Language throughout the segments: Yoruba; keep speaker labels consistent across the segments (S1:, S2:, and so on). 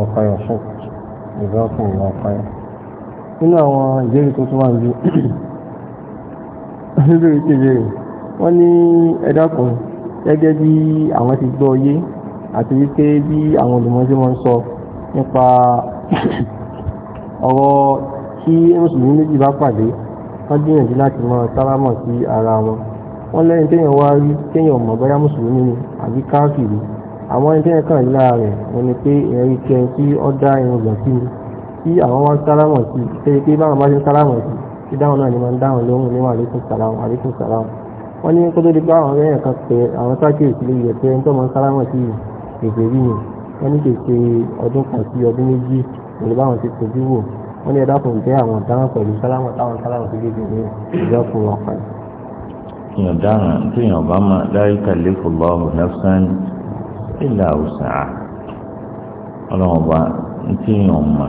S1: ọ̀kayọ̀ ṣọ́ọ̀kì ìgbẹ́ọ̀kùn ọ̀kayọ̀ nínú àwọn ìbéèrè tó tó wà ní ìbéèrè tí ìbéèrè wọ́n ní ẹ̀dàkùn gẹ́gẹ́ bí àwọn ti gbọ́ yé àti wípé bí àwọn olùmọ́sí wọn sọ nípa ọ̀rọ̀ tí mùsùlùmí méjì bá pàdé wọ́n gbìyànjú láti mọ sálámọ̀ sí ara wọn wọ́n lẹ́yìn téèyàn wá rí téèyàn mọ̀ bóyá mùsùlùmí ni àbí káàkiri àmọ́ ẹni tẹ́yẹ kàn lára rẹ̀ wọn ni pé ìyẹn rí kẹrin tí ó dá irun gbọ̀n sí ni tí àwọn wá ń sálámọ̀ sí ṣe pé báwọn bá ṣe ń sálámọ̀ sí tí dáhùn náà ni máa ń dáhùn lóhùn ní wàlékún sàlámù àlékún sàlámù wọ́n ní kó tó di pé àwọn ẹ̀yàn kan pé àwọn sákèèsì lè yẹ pé ẹni tó máa ń sálámọ̀ sí èdè rí ni wọ́n ní kì ọdún kan sí ọdún méjì pẹ̀lú báwọn ti fojú wò wọ́n ní ẹ̀dá fún jẹ́ àwọn ọ̀daràn pẹ̀lú sálámọ̀ táwọn sálámọ̀ sí lédè ní ìjọ fún ọkàn.
S2: ìyọ̀daràn tí ìyọ̀bá máa láyé kàlẹ́ fún lọ́ọ̀rù ìlà òsà ọlọ́run ọba ntí yàn mà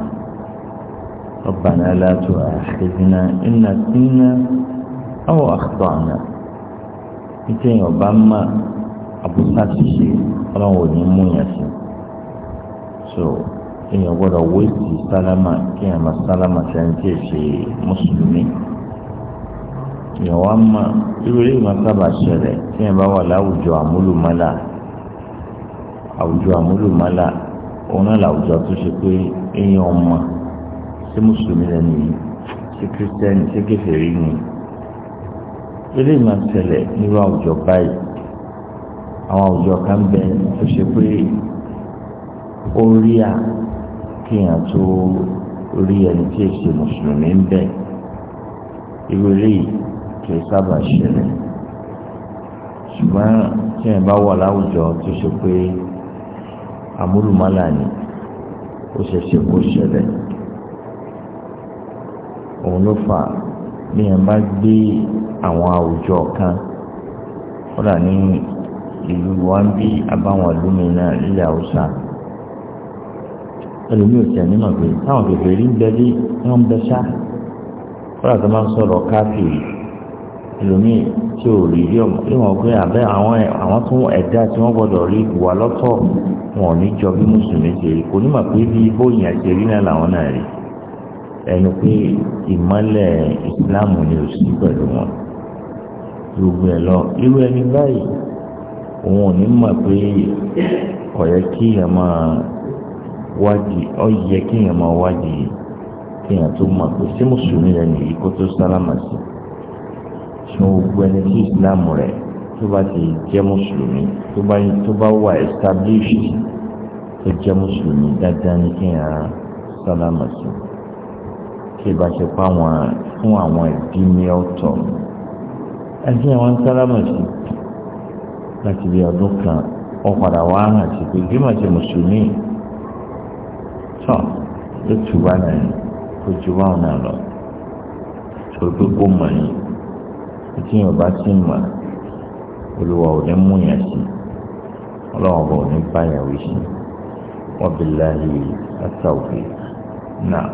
S2: ọ̀bànà látò àṣẹjìnà ìnà sínú àwọn àkàtọ̀ àná ntí yàn ọba mà àbúrò ṣiṣẹ́ ọlọ́run ò ní mú yàn sí so èèyàn gbọ́dọ̀ wéètì sálámà kí èèyàn máa sálámà sẹ́ńtì ṣe mùsùlùmí èèyàn wá mà irú ìmọ̀ sábà ṣẹlẹ̀ kí èèyàn bá wà láwùjọ àmúlùmọ́là àwùjọ àmúlùmálà òun náà làwùjọ tó ṣe pé èèyàn ọmọ sí mùsùlùmí lẹ́nu yìí sí kírísítẹ́nì sí kèfèrí ni eré máa ń ṣẹlẹ̀ nírú àwùjọ báyìí àwọn àwùjọ kan bẹ tó ṣe pé ó rí à kéèyàn tó rí ẹni tí èsì mùsùlùmí ń bẹ irú eléyìí kì í sábà ṣẹlẹ̀ ṣùgbọ́n tí èèyàn bá wà láwùjọ tó ṣe pé àmúlùmálà ni ó ṣe ṣe kó ṣẹlẹ̀ òun ló fà bí ẹ bá gbé àwọn àwùjọ kan kódà ní ìlú wa ń bí abáwọn ìlú mi náà ilẹ̀ haúsá ẹlòmíì ò tẹ̀ nínú pé táwọn kèfèrí ń bẹ lé wọ́n ń bẹ ṣá kódà tó máa ń sọ̀rọ̀ káfíìrì ẹlòmíì tí ò rí rí ọmọ ìwọ̀n pé àbẹ́ àwọn àwọn tún ẹ̀dá tí wọ́n gbọ́dọ̀ rí wà lọ́tọ̀ wọn ò ní jọ bí mùsùlùmí ṣe rí kò nímọ̀ pé bí bóyìn àti rí náà làwọn náà rí ẹnu pé ìmọ́lẹ̀ ìsìláàmù ni ò sí pẹ̀lú wọn gbogbo ẹ̀ lọ irú ẹni báyìí òun ò ní mọ̀ pé kò yẹ kí èèyàn máa wádìí ó kí èèyàn máa wádìí kí èèyàn tó mọ̀ pé sí mùsùlùmí rẹ nìyí kó tó sálámà sí i sun gbogbo ẹni tí islam rẹ̀ tó bá ti jẹ́ mùsùlùmí tó bá wà established tó jẹ́ mùsùlùmí dáadáa ní kí n yàrá sálámà sí kí ìbá ṣe pa àwọn fún àwọn ìdí ní ọ̀tọ̀ ẹsẹ àwọn sálámà sí láti bí ọdún kan wọn padà wá hàn sí pé bí màá ṣe mùsùlùmí tán ló tù wá náà kó ju wá náà lọ sọ pé mọ̀ yín tí yóò bá sì mà olùwà ò ní mú yàn sí ọlọ́wọ́n bò ní báyà sí wọ́n bí láàyè àtàwé náà.